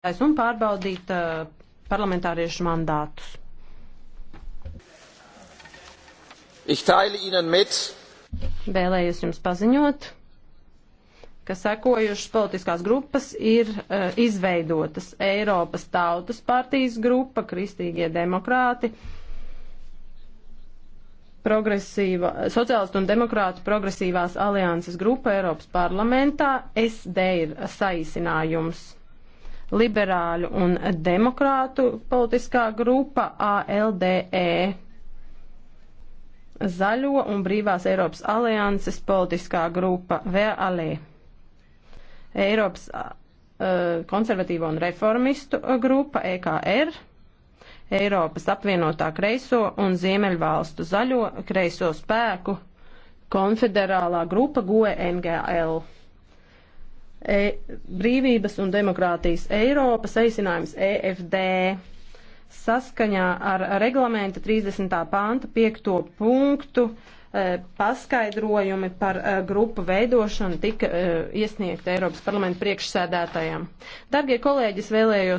vēlētājs un pārbaudīt uh, parlamentāriešu mandātus. Ich teile Ihnen mit. Vēlējos jums paziņot, ka sekojušas politiskās grupas ir uh, izveidotas Eiropas Tautas partijas grupa, Kristīgie demokrāti, progresīva, sociālistu un demokrātu progresīvās alianses grupa Eiropas parlamentā, SD ir saīsinājums liberāļu un demokrātu politiskā grupa ALDE, zaļo un brīvās Eiropas alianses politiskā grupa VALE, Eiropas uh, konservatīvo un reformistu grupa EKR, Eiropas apvienotā kreiso un Ziemeļvalstu zaļo kreiso spēku konfederālā grupa GOE NGL e, brīvības un demokrātijas Eiropas aicinājums EFD saskaņā ar reglamenta 30. panta 5. punktu e, paskaidrojumi par e, grupu veidošanu tika e, iesniegt Eiropas parlamenta priekšsēdētājiem. Dargie kolēģis, vēlējos